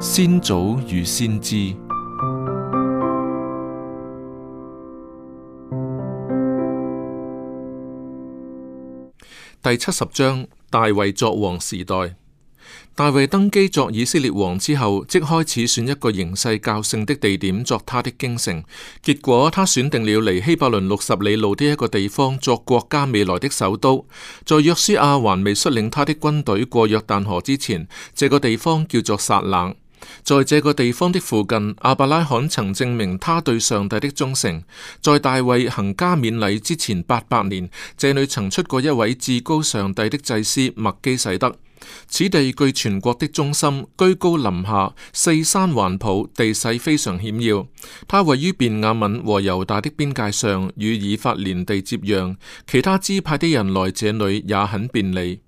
先祖與先知第七十章大衛作王時代。大衛登基作以色列王之後，即開始選一個形勢較勝的地點作他的京城。結果，他選定了離希伯倫六十里路的一個地方作國家未來的首都。在約書亞還未率領他的軍隊過約旦河之前，這個地方叫做撒冷。在這個地方的附近，亞伯拉罕曾證明他對上帝的忠誠。在大衛行加冕禮之前八百年，這裡曾出過一位至高上帝的祭司麥基洗德。此地據全國的中心，居高臨下，四山環抱，地勢非常險要。它位於便雅憫和猶大的邊界上，與以法蓮地接壤。其他支派的人來這裡也很便利。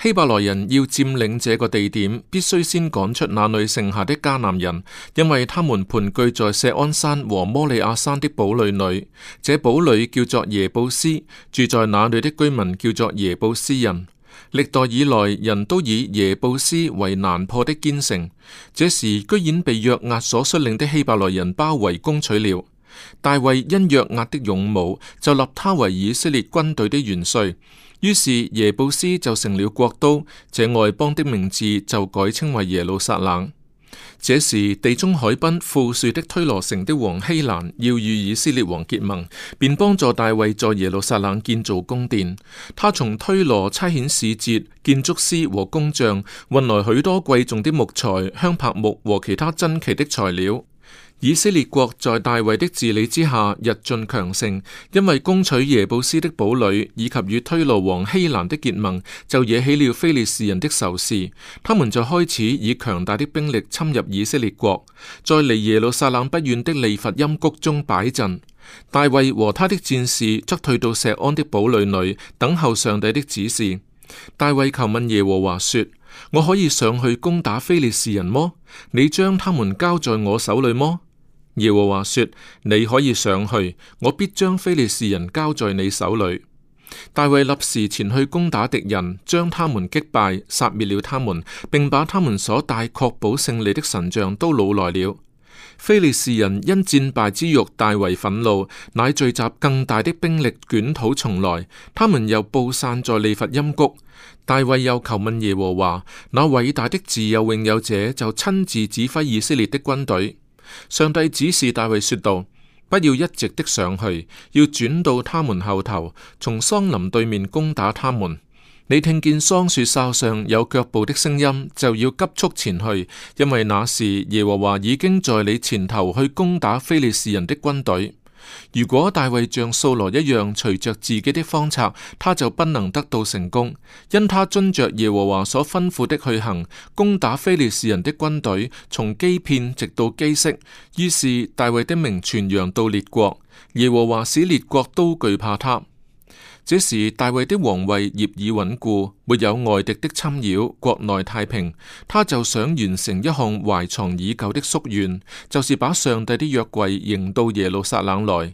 希伯來人要佔領這個地點，必須先趕出那裏剩下的迦南人，因為他們盤踞在錫安山和摩利亞山的堡壘裏。這堡壘叫做耶布斯，住在那裏的居民叫做耶布斯人。歷代以來，人都以耶布斯為難破的堅城。這時，居然被約押所率領的希伯來人包圍攻取了。大衛因約押的勇武，就立他為以色列軍隊的元帥。於是耶布斯就成了國都，這外邦的名字就改稱為耶路撒冷。這時，地中海濱富庶的推羅城的王希蘭要與以色列王結盟，便幫助大衛在耶路撒冷建造宮殿。他從推羅差遣使節、建築師和工匠，運來許多貴重的木材、香柏木和其他珍奇的材料。以色列國在大衛的治理之下日進強盛，因為攻取耶布斯的堡壘以及與推羅王希蘭的結盟，就惹起了非利士人的仇視。他們就開始以強大的兵力侵入以色列國，在離耶路撒冷不遠的利乏音谷中擺陣。大衛和他的戰士則退到石安的堡壘裏等候上帝的指示。大衛求問耶和華說。我可以上去攻打非利士人麼？你將他們交在我手裏麼？耶和華說：你可以上去，我必將非利士人交在你手裏。大衛立時前去攻打敵人，將他們擊敗，殺滅了他們，並把他們所帶確保勝利的神像都擄來了。菲利士人因戰敗之辱大為憤怒，乃聚集更大的兵力捲土重來。他們又布散在利乏音谷。大衛又求問耶和華，那偉大的自有永有者，就親自指揮以色列的軍隊。上帝指示大衛說道：不要一直的上去，要轉到他們後頭，從桑林對面攻打他們。你聽見桑樹梢上有腳步的聲音，就要急速前去，因為那時耶和華已經在你前頭去攻打非利士人的軍隊。如果大衛像掃羅一樣隨着自己的方策，他就不能得到成功，因他遵著耶和華所吩咐的去行，攻打非利士人的軍隊，從基遍直到基色。於是大衛的名傳揚到列國，耶和華使列國都懼怕他。這時大衛的皇位業已穩固，沒有外敵的侵擾，國內太平，他就想完成一項懷藏已久的夙願，就是把上帝的約櫃迎到耶路撒冷來。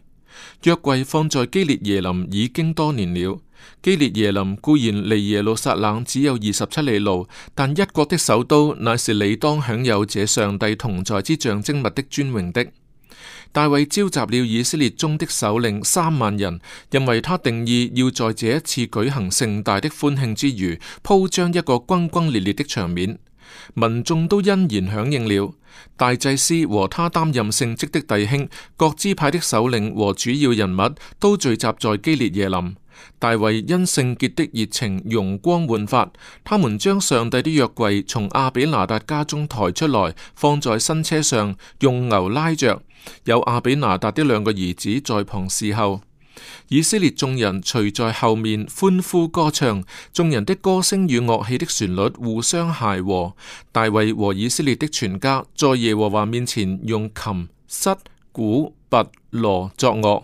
約櫃放在基列耶林已經多年了，基列耶林固然離耶路撒冷只有二十七里路，但一國的首都，乃是理當享有這上帝同在之象徵物的尊榮的。大衛召集了以色列中的首領三萬人，因為他定義要在這一次舉行盛大的歡慶之餘，鋪張一個轟轟烈烈的場面。民眾都欣然響應了。大祭司和他擔任聖職的弟兄、各支派的首領和主要人物都聚集在基列耶林。大衛因聖潔的熱情容光煥發，他們將上帝的約櫃從亞比拿達家中抬出來，放在新車上，用牛拉着。有阿比拿達的兩個兒子在旁侍候，以色列眾人隨在後面歡呼歌唱，眾人的歌聲與樂器的旋律互相諧和。大衛和以色列的全家在耶和華面前用琴、瑟、鼓、拔、羅作樂。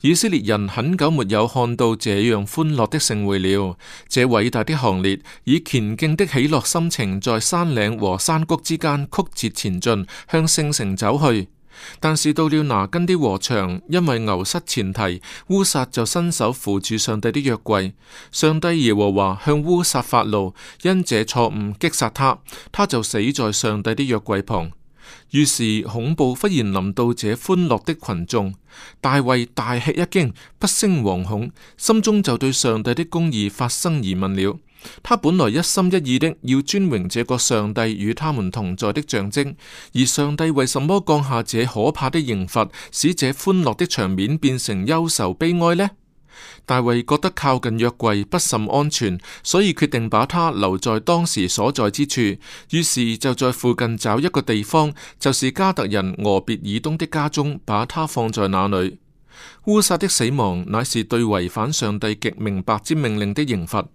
以色列人很久沒有看到這樣歡樂的盛會了。這偉大的行列以虔敬的喜樂心情，在山嶺和山谷之間曲折前進，向聖城走去。但是到了拿根的禾場，因為牛失前蹄，烏撒就伸手扶住上帝的約櫃，上帝耶和華向烏撒發怒，因這錯誤擊殺他，他就死在上帝的約櫃旁。於是恐怖忽然臨到這歡樂的群眾，大衛大吃一驚，不勝惶恐，心中就對上帝的公義發生疑問了。他本來一心一意的要尊榮這個上帝與他們同在的象徵，而上帝為什麼降下這可怕的刑罰，使這歡樂的場面變成憂愁悲哀呢？大衛覺得靠近約櫃不甚安全，所以決定把他留在當時所在之處。於是就在附近找一個地方，就是加特人俄別以東的家中，把他放在那裏。烏撒的死亡乃是對違反上帝極明白之命令的刑罰。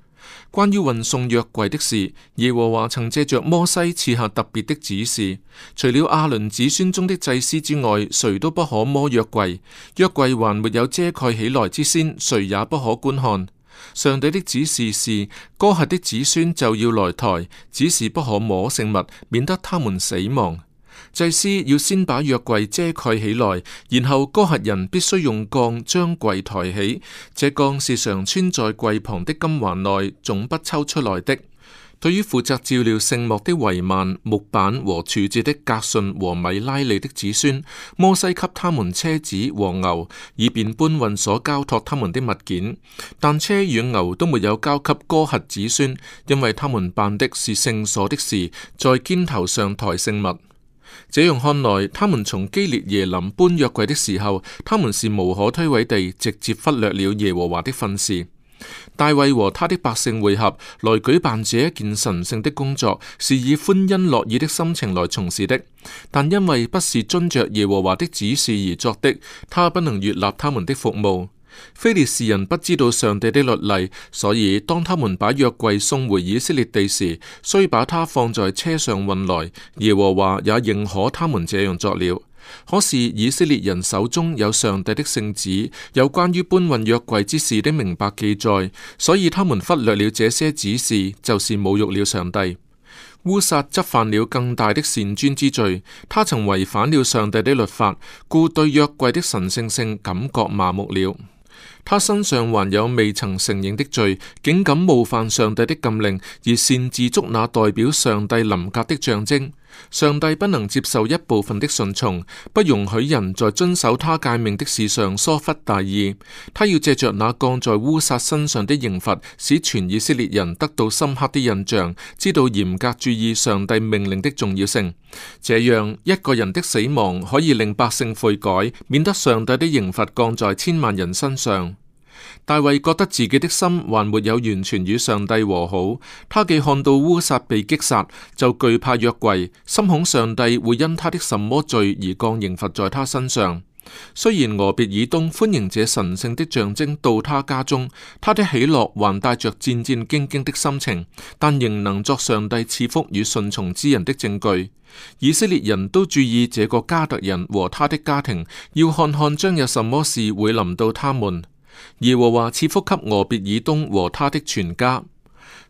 關於運送約櫃的事，耶和華曾借着摩西賜下特別的指示：除了阿倫子孫中的祭司之外，誰都不可摸約櫃。約櫃還沒有遮蓋起來之先，誰也不可觀看。上帝的指示是：哥哈的子孫就要來抬，只是不可摸聖物，免得他們死亡。祭司要先把約櫃遮蓋起來，然後哥轄人必須用槓將櫃抬起。這槓是常穿在櫃旁的金環內，總不抽出來的。對於負責照料聖幕的帷幔、木板和柱子的革順和米拉利的子孫，摩西給他們車子和牛，以便搬運所交託他們的物件。但車與牛都沒有交給哥轄子孫，因為他們辦的是聖所的事，在肩頭上抬聖物。這樣看來，他們從基列耶林搬約櫃的時候，他們是無可推諉地直接忽略了耶和華的訓示。大衛和他的百姓會合來舉辦這一件神聖的工作，是以歡欣樂意的心情來從事的，但因為不是遵着耶和華的指示而作的，他不能悅納他們的服務。非利士人不知道上帝的律例，所以當他們把約櫃送回以色列地時，需把它放在車上運來。耶和華也認可他們這樣作了。可是以色列人手中有上帝的聖旨，有關於搬運約櫃之事的明白記載，所以他們忽略了這些指示，就是侮辱了上帝。烏薩則犯了更大的擅專之罪，他曾違反了上帝的律法，故對約櫃的神聖性感覺麻木了。他身上還有未曾承認的罪，竟敢冒犯上帝的禁令，而擅自觸那代表上帝臨格的象徵。上帝不能接受一部分的順從，不容許人在遵守他誡命的事上疏忽大意。他要借着那降在烏撒身上的刑罰，使全以色列人得到深刻的印象，知道嚴格注意上帝命令的重要性。這樣，一個人的死亡可以令百姓悔改，免得上帝的刑罰降在千萬人身上。大衛覺得自己的心還沒有完全與上帝和好。他既看到烏撒被擊殺，就懼怕約櫃，深恐上帝會因他的什麼罪而降刑罰在他身上。雖然俄別爾東歡迎這神聖的象徵到他家中，他的喜樂還帶着戰戰兢兢的心情，但仍能作上帝賜福與順從之人的證據。以色列人都注意這個加特人和他的家庭，要看看將有什麼事會臨到他們。耶和華賜福給俄別爾東和他的全家。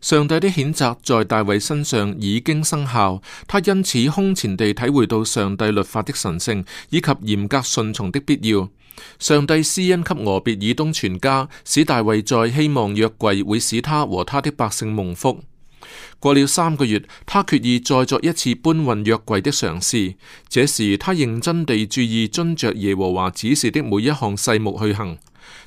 上帝的譴責在大衛身上已經生效，他因此空前地體會到上帝律法的神聖以及嚴格順從的必要。上帝施恩給俄別爾東全家，使大衛再希望約櫃會使他和他的百姓蒙福。過了三個月，他決意再作一次搬運約櫃的嘗試。這時，他認真地注意遵着耶和華指示的每一項細目去行。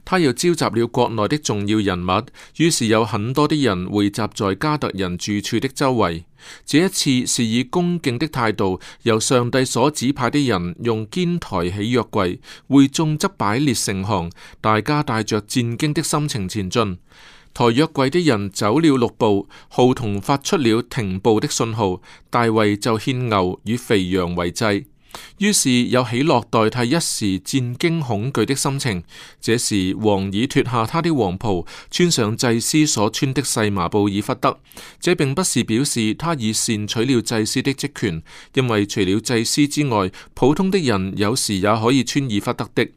他又召集了國內的重要人物，於是有很多的人匯集在加特人住處的周圍。這一次是以恭敬的態度，由上帝所指派的人用肩抬起約櫃，會眾則擺列成行，大家帶着戰驚的心情前進。抬約櫃的人走了六步，號筒發出了停步的信號，大衛就獻牛與肥羊為祭。於是有喜樂代替一時戰驚恐懼的心情。這時，王已脱下他的黃袍，穿上祭司所穿的細麻布以弗得。這並不是表示他已擅取了祭司的職權，因為除了祭司之外，普通的人有時也可以穿以弗得的。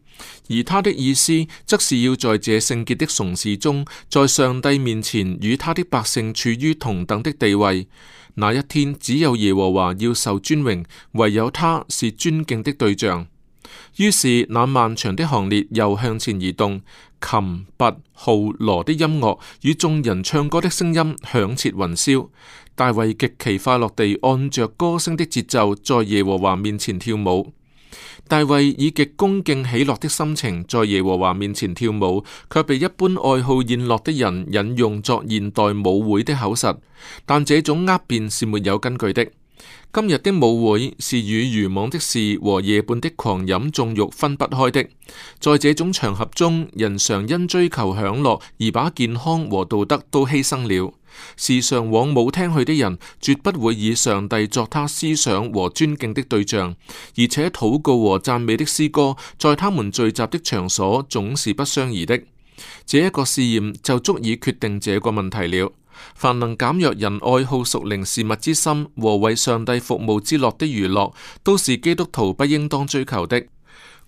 而他的意思，則是要在這聖潔的崇事中，在上帝面前與他的百姓處於同等的地位。那一天只有耶和華要受尊榮，唯有他是尊敬的對象。於是那漫長的行列又向前移動，琴、拔、號、鑼的音樂與眾人唱歌的聲音響徹雲霄。大衛極其快樂地按着歌聲的節奏，在耶和華面前跳舞。大衛以極恭敬喜樂的心情，在耶和華面前跳舞，卻被一般愛好宴樂的人引用作現代舞會的口實。但這種厄辯是沒有根據的。今日的舞會是與愚妄的事和夜半的狂飲縱慾分不開的。在這種場合中，人常因追求享樂而把健康和道德都犧牲了。時常往舞廳去的人，絕不會以上帝作他思想和尊敬的對象，而且禱告和讚美的詩歌，在他們聚集的場所總是不相宜的。這一個試驗就足以決定這個問題了。凡能減弱人愛好屬靈事物之心和為上帝服務之樂的娛樂，都是基督徒不應當追求的。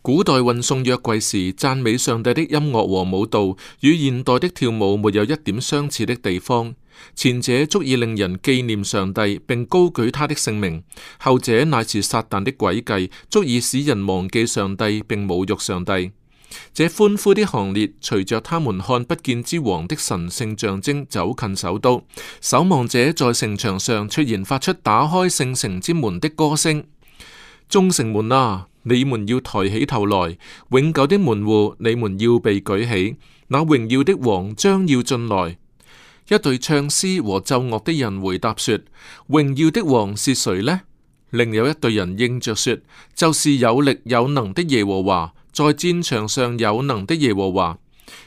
古代運送約櫃時讚美上帝的音樂和舞蹈，與現代的跳舞沒有一點相似的地方。前者足以令人紀念上帝，並高舉他的姓名，後者乃是撒旦的詭計，足以使人忘記上帝並侮辱上帝。這歡呼的行列隨着他們看不見之王的神聖象徵走近首都，守望者在城牆上突然發出打開聖城之門的歌聲：“眾城門啊，你們要抬起頭來，永久的門戶，你們要被舉起。那榮耀的王將要進來。”一隊唱詩和奏樂的人回答說：榮耀的王是誰呢？另有一隊人應着說：就是有力有能的耶和華，在戰場上有能的耶和華。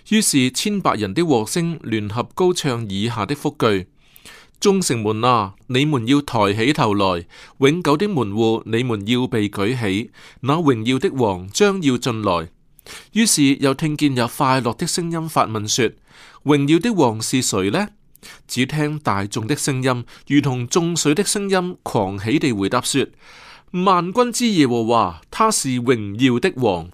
於是千百人的和聲聯合高唱以下的副句：眾城門啊，你們要抬起頭來，永久的門戶，你們要被舉起，那榮耀的王將要進來。於是又聽見有快樂的聲音發問說：榮耀的王是誰呢？只聽大眾的聲音，如同眾水的聲音，狂喜地回答說：萬軍之耶和華，他是榮耀的王。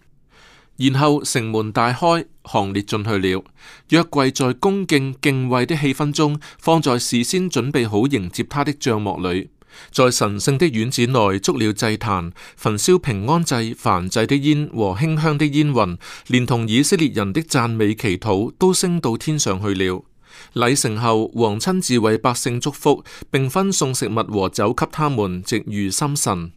然後城門大開，行列進去了，約櫃在恭敬敬畏的氣氛中，放在事先準備好迎接他的帳幕裏。在神聖的院子內，築了祭壇，焚燒平安祭、燔祭的煙和馨香的煙雲，連同以色列人的讚美祈禱，都升到天上去了。禮成後，王親自為百姓祝福，並分送食物和酒給他們，直如心神。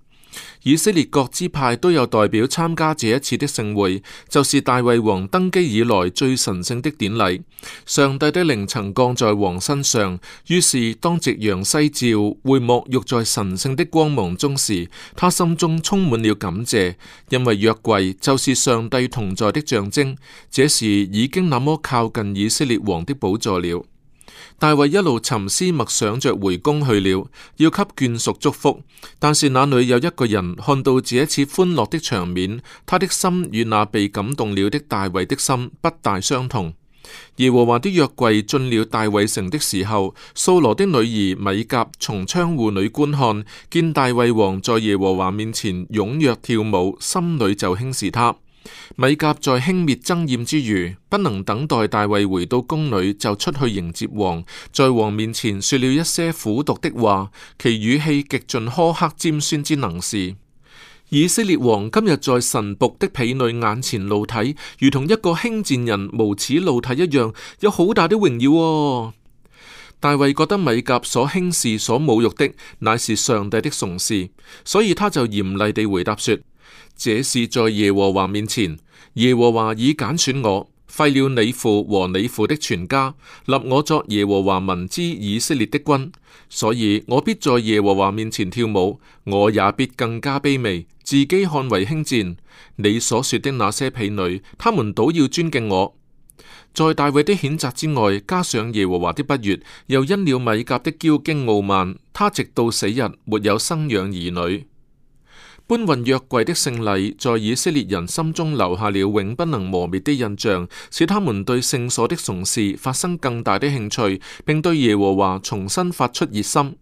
以色列各支派都有代表參加這一次的盛會，就是大衛王登基以來最神聖的典禮。上帝的靈曾降在王身上，於是當夕陽西照，會沐浴在神聖的光芒中時，他心中充滿了感謝，因為約櫃就是上帝同在的象徵。這時已經那麼靠近以色列王的寶座了。大衛一路沉思默想着回宮去了，要給眷屬祝福。但是那裏有一個人看到這一次歡樂的場面，他的心與那被感動了的大衛的心不大相同。耶和華的約櫃進了大衛城的時候，掃羅的女兒米甲從窗戶裏觀看，見大衛王在耶和華面前踴躍跳舞，心裏就輕視他。米甲在輕蔑憎厭之餘，不能等待大衛回到宮裏就出去迎接王，在王面前說了一些苦毒的話，其語氣極盡苛刻尖酸，酸之能事。以色列王今日在神僕的婢女眼前露體，如同一個輕賤人無恥露體一樣，有好大的榮耀，喎。大衛覺得米甲所輕視、所侮辱的乃是上帝的崇事，所以他就嚴厲地回答說。這是在耶和華面前，耶和華已揀選我，廢了你父和你父的全家，立我作耶和華民之以色列的君，所以我必在耶和華面前跳舞，我也必更加卑微，自己看為輕賤。你所說的那些婢女，他們倒要尊敬我。在大衛的譴責之外，加上耶和華的不悅，又因了米甲的驕矜傲慢，他直到死日沒有生養兒女。搬運約櫃的勝利，在以色列人心中留下了永不能磨滅的印象，使他們對聖所的崇事發生更大的興趣，並對耶和華重新發出熱心。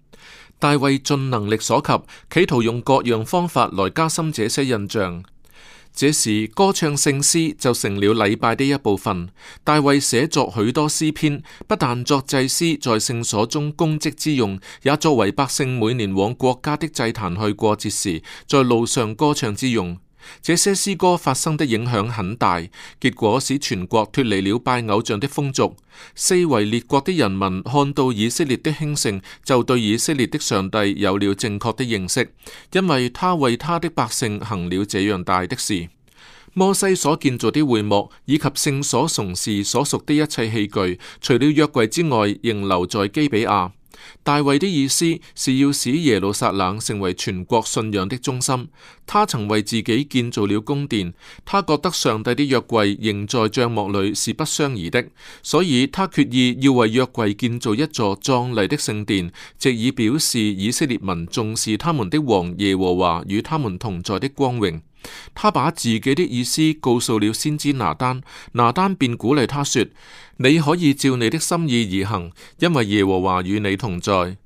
大衛盡能力所及，企圖用各樣方法來加深這些印象。這時，歌唱聖詩就成了禮拜的一部分。大衛寫作許多詩篇，不但作祭司在聖所中供職之用，也作為百姓每年往國家的祭壇去過節時，在路上歌唱之用。這些詩歌發生的影響很大，結果使全國脫離了拜偶像的風俗。四圍列國的人民看到以色列的興盛，就對以色列的上帝有了正確的認識，因為他為他的百姓行了這樣大的事。摩西所建造的會幕，以及聖所從事所屬的一切器具，除了約櫃之外，仍留在基比亞。大衛的意思是要使耶路撒冷成為全國信仰的中心。他曾為自己建造了宮殿，他覺得上帝的約櫃仍在帳幕裏是不相宜的，所以他決意要為約櫃建造一座壯麗的聖殿，藉以表示以色列民重視他們的王耶和華與他們同在的光榮。他把自己的意思告訴了先知拿單，拿單便鼓勵他說：你可以照你的心意而行，因為耶和華與你同在。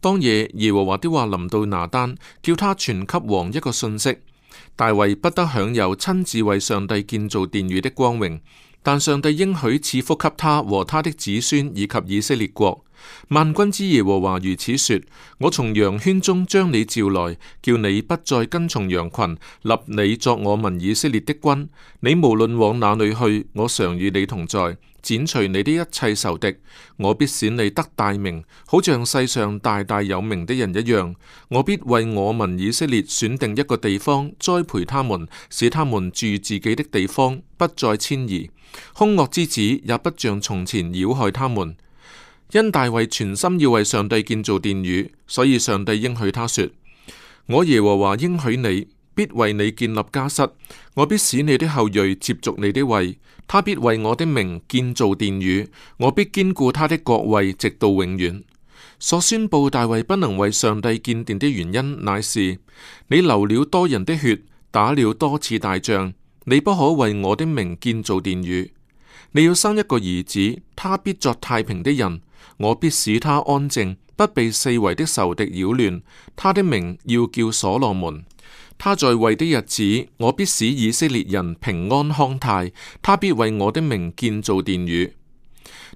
當夜，耶和華的話臨到拿單，叫他傳給王一個信息：大衛不得享有親自為上帝建造殿宇的光榮，但上帝應許賜福給他和他的子孫以及以色列國。萬軍之耶和華如此說：我從羊圈中將你召來，叫你不再跟從羊群，立你作我民以色列的君。你無論往哪裏去，我常與你同在，剪除你的一切仇敵。我必使你得大名，好像世上大大有名的人一樣。我必為我民以色列選定一個地方，栽培他們，使他們住自己的地方，不再遷移。凶惡之子也不像從前擾害他們。因大衛全心要為上帝建造殿宇，所以上帝應許他說：我耶和華應許你，必為你建立家室，我必使你的後裔接續你的位，他必為我的名建造殿宇，我必堅固他的國位，直到永遠。所宣布大衛不能為上帝建殿的原因，乃是你流了多人的血，打了多次大仗，你不可為我的名建造殿宇。你要生一個兒子，他必作太平的人。我必使他安靜，不被四圍的仇敵擾亂。他的名要叫所羅門。他在位的日子，我必使以色列人平安康泰。他必為我的名建造殿宇。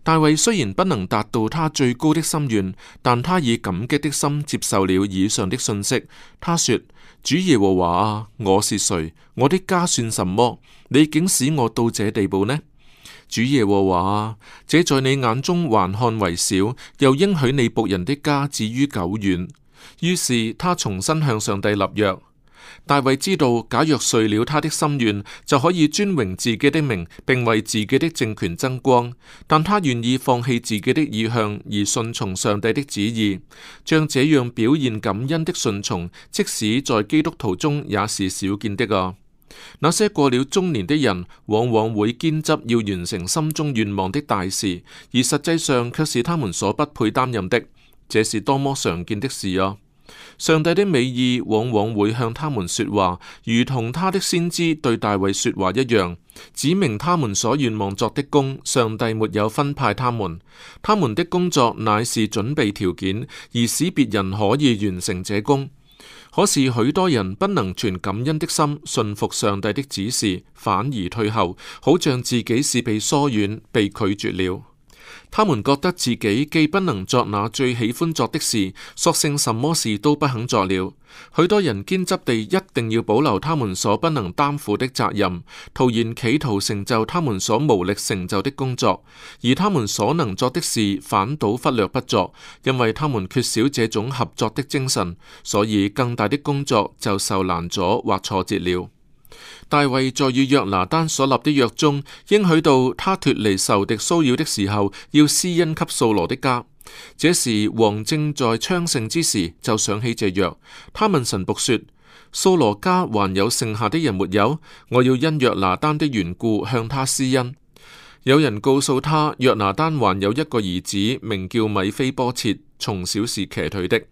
大衛雖然不能達到他最高的心願，但他以感激的心接受了以上的信息。他說：主耶和華啊，我是誰？我的家算什麼？你竟使我到這地步呢？主耶和華，這在你眼中還看為小，又應許你僕人的家至於久遠。於是他重新向上帝立約。大衛知道，假若遂了他的心願，就可以尊榮自己的名，並為自己的政權增光。但他願意放棄自己的意向，而順從上帝的旨意，像這樣表現感恩的順從，即使在基督徒中也是少見的啊。那些過了中年的人，往往會堅執要完成心中願望的大事，而實際上卻是他們所不配擔任的。這是多麼常見的事啊！上帝的美意往往會向他們說話，如同他的先知對大衛說話一樣，指明他們所願望作的工。上帝沒有分派他們，他們的工作乃是準備條件，而使別人可以完成這工。可是許多人不能存感恩的心，信服上帝的指示，反而退後，好像自己是被疏遠、被拒絕了。他們覺得自己既不能作那最喜歡做的事，索性什麼事都不肯做了。許多人堅執地一定要保留他們所不能擔負的責任，徒然企圖成就他們所無力成就的工作，而他們所能做的事反倒忽略不作，因為他們缺少這種合作的精神，所以更大的工作就受難阻或挫折了。大衛在與約拿單所立的約中，應許到他脫離仇敵騷擾的時候，要施恩給掃羅的家。這時王正在昌盛之時，就想起這約。他問神僕說：掃羅家還有剩下的人沒有？我要因約拿單的緣故向他施恩。有人告訴他，約拿單還有一個兒子，名叫米非波設，從小是瘸腿的。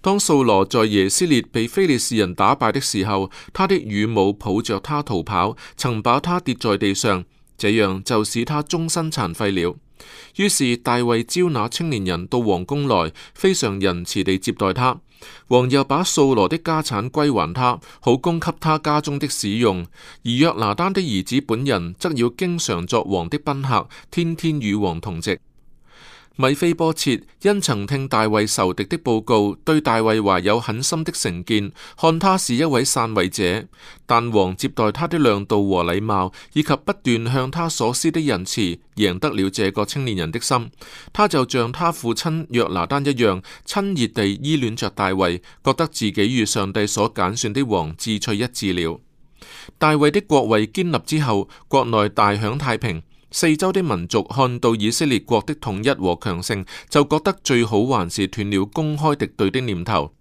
當掃羅在耶斯列被非利士人打敗的時候，他的乳母抱着他逃跑，曾把他跌在地上，這樣就使他終身殘廢了。於是大衛招納青年人到皇宮來，非常仁慈地接待他，王又把掃羅的家產歸還他，好供給他家中的使用。而約拿丹的兒子本人，則要經常作王的賓客，天天與王同席。米非波切因曾聽大衛仇敵的報告，對大衛懷有很深的成見，看他是一位篡位者。但王接待他的量度和禮貌，以及不斷向他所施的仁慈，贏得了這個青年人的心。他就像他父親約拿單一樣，親熱地依戀着大衛，覺得自己與上帝所揀選的王志趣一致了。大衛的國位建立之後，國內大享太平。四周的民族看到以色列國的統一和強盛，就覺得最好還是斷了公開敵對的念頭。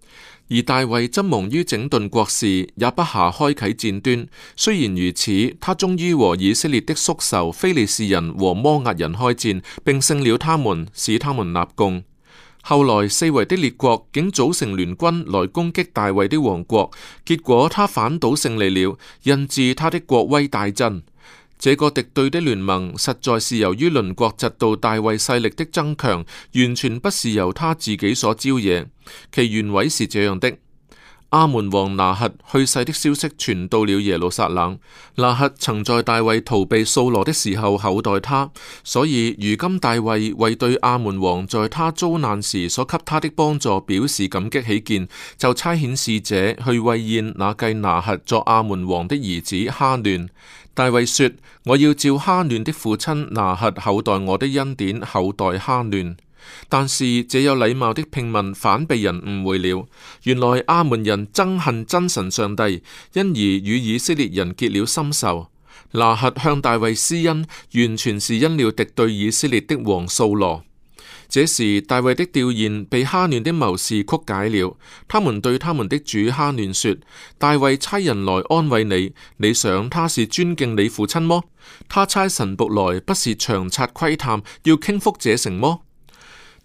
而大衛則忙於整頓國事，也不暇開啟戰端。雖然如此，他終於和以色列的宿仇非利士人和摩押人開戰，並勝了他們，使他們納貢。後來四圍的列國竟組成聯軍來攻擊大衛的王國，結果他反倒勝利了，引致他的國威大振。這個敵對的聯盟實在是由於鄰國嫉妒大衛勢力的增強，完全不是由他自己所招惹。其原委是這樣的：阿門王拿赫去世的消息傳到了耶路撒冷，拿赫曾在大衛逃避掃羅的時候厚待他，所以如今大衛為對阿門王在他遭難時所給他的幫助表示感激起見，就差遣使者去慰宴那繼拿赫作阿門王的兒子哈亂。大衛說：我要照哈嫩的父親拿轄厚待我的恩典厚待哈嫩。但是這有禮貌的聘問反被人誤會了。原來亞捫人憎恨真神上帝，因而與以色列人結了深仇。拿轄向大衛施恩，完全是因了敵對以色列的王掃羅。這時大衛的弔唁被哈嫩的謀士曲解了，他們對他們的主哈嫩說：大衛差人來安慰你，你想他是尊敬你父親麼？他差神僕來不是長察窺探，要傾覆這城麼？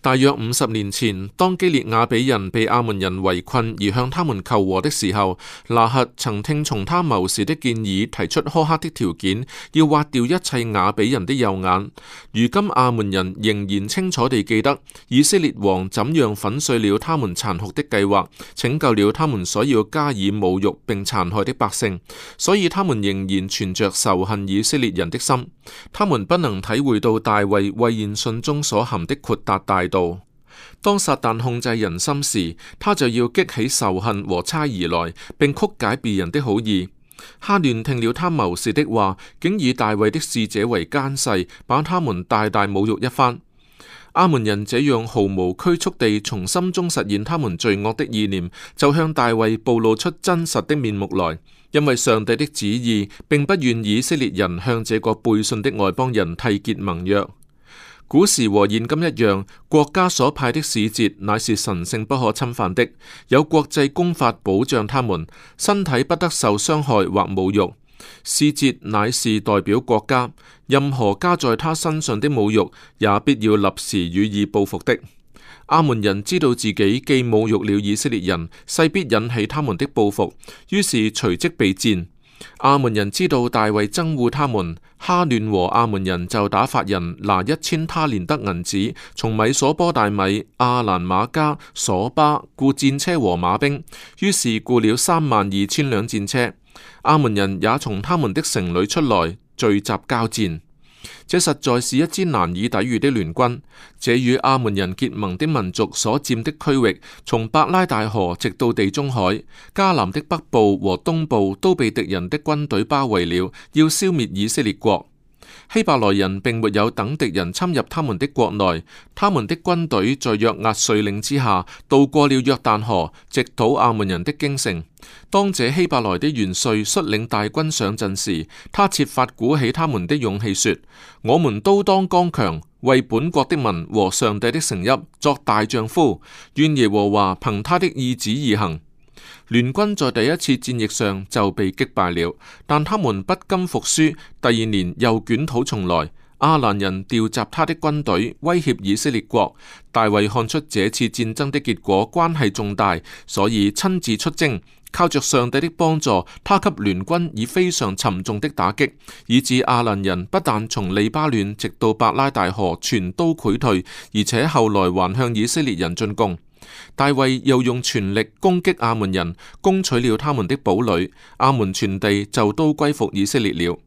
大約五十年前，當基列雅比人被亞門人圍困而向他們求和的時候，拿轄曾聽從他謀士的建議，提出苛刻的條件，要挖掉一切雅比人的右眼。如今亞門人仍然清楚地記得以色列王怎樣粉碎了他們殘酷的計劃，拯救了他們所要加以侮辱並殘害的百姓，所以他們仍然存着仇恨以色列人的心。他們不能體會到大衛慰唁信中所含的豁達大。當撒旦控制人心時，他就要激起仇恨和猜疑來，並曲解別人的好意。哈亂聽了他謀士的話，竟以大衛的使者為奸細，把他們大大侮辱一番。阿門人這樣毫無拘束地從心中實現他們罪惡的意念，就向大衛暴露出真實的面目來，因為上帝的旨意並不願以色列人向這個背信的外邦人締結盟約。古時和現今一樣，國家所派的使節乃是神聖不可侵犯的，有國際公法保障他們身體不得受傷害或侮辱。使節乃是代表國家，任何加在他身上的侮辱也必要立時予以報復的。亞門人知道自己既侮辱了以色列人，勢必引起他們的報復，於是隨即備戰。亞捫人知道大衛憎惡他們，哈嫩和亞捫人就打發人拿一千他連得銀子，從米所波大米、亞蘭瑪迦、瑣巴雇戰車和馬兵，於是雇了三萬二千輛戰車。亞捫人也從他們的城裏出來聚集交戰。這實在是一支難以抵禦的聯軍。這與阿門人結盟的民族所占的區域，從伯拉大河直到地中海，迦南的北部和東部都被敵人的軍隊包圍了，要消滅以色列國。希伯來人並沒有等敵人侵入他們的國內，他們的軍隊在約押率領之下渡過了約旦河，直搗亞門人的京城。當這希伯來的元帥率，率領大軍上陣時，他設法鼓起他們的勇氣，說：我們都當剛強，為本國的民和上帝的城邑作大丈夫，願耶和華憑他的意旨而行。聯軍在第一次戰役上就被擊敗了，但他們不甘服輸，第二年又捲土重來。亞蘭人調集他的軍隊威脅以色列國，大衛看出這次戰爭的結果關係重大，所以親自出征。靠着上帝的幫助，他給聯軍以非常沉重的打擊，以致亞蘭人不但從利巴嫩直到伯拉大河全都潰退，而且後來還向以色列人進攻。大衛又用全力攻擊亞捫人，攻取了他們的堡壘，亞捫全地就都歸服以色列了。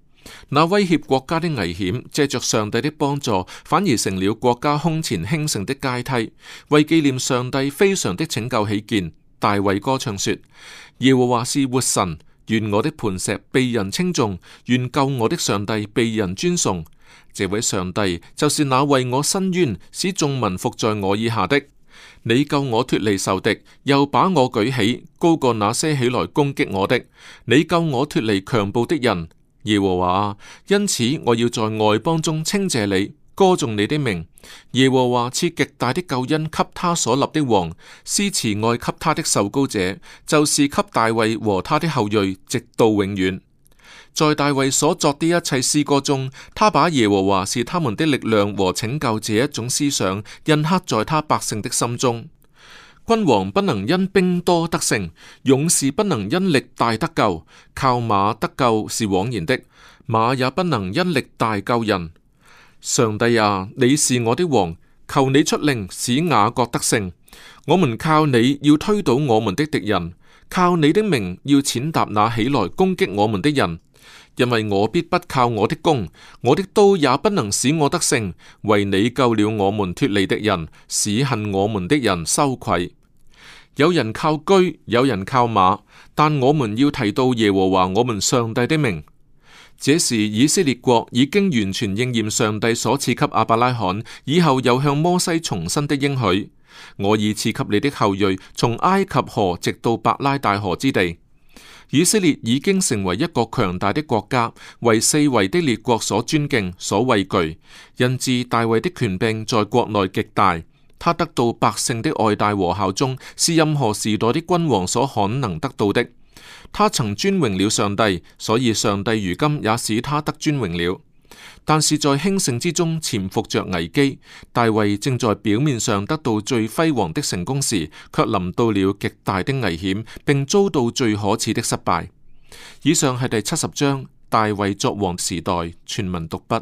那威脅國家的危險，借着上帝的幫助，反而成了國家空前興盛的階梯。為紀念上帝非常的拯救起見，大衛歌唱說：耶和華是活神，願我的磐石被人稱頌，願救我的上帝被人尊崇。這位上帝就是那為我伸冤，使眾民服在我以下的。你救我脫離仇敵，又把我舉起高過那些起來攻擊我的。你救我脫離強暴的人，耶和華。因此我要在外邦中稱謝你，歌頌你的名，耶和華賜極大的救恩給他所立的王，施慈愛給他的受膏者，就是給大衛和他的後裔，直到永遠。在大衛所作的一切詩歌中，他把耶和華是他們的力量和拯救這一種思想印刻在他百姓的心中。君王不能因兵多得勝，勇士不能因力大得救，靠馬得救是枉然的，馬也不能因力大救人。上帝啊，你是我的王，求你出令使雅各得勝。我們靠你要推倒我們的敵人，靠你的名要踐踏那起來攻擊我們的人。因為我必不靠我的弓，我的刀也不能使我得勝。為你救了我們脫離敵人，使恨我們的人羞愧。有人靠車，有人靠馬，但我們要提到耶和華我們上帝的名。這時以色列國已經完全應驗上帝所賜給亞伯拉罕，以後又向摩西重新的應許：我已賜給你的後裔，從埃及河直到伯拉大河之地。以色列已經成為一個強大的國家，為四圍的列國所尊敬、所畏懼。因此大衛的權柄在國內極大，他得到百姓的愛戴和效忠，是任何時代的君王所可能得到的。他曾尊榮了上帝，所以上帝如今也使他得尊榮了。但是在興盛之中潛伏着危機，大衛正在表面上得到最輝煌的成功時，卻臨到了極大的危險，並遭到最可恥的失敗。以上係第七十章《大衛作王時代》全文讀畢。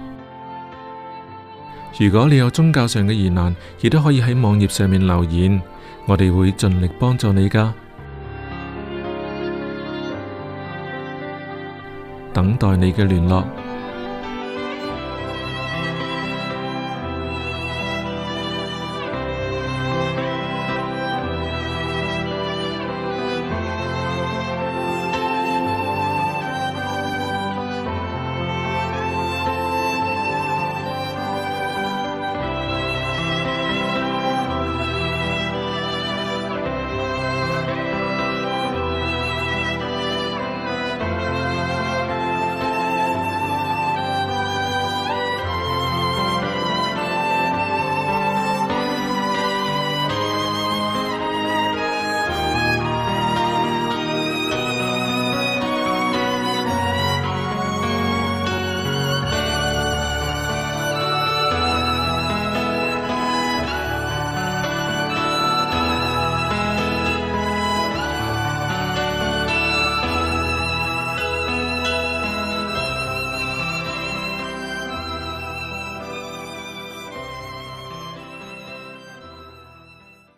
如果你有宗教上嘅疑難，亦都可以喺網頁上面留言，我哋會盡力幫助你㗎，等待你嘅聯絡。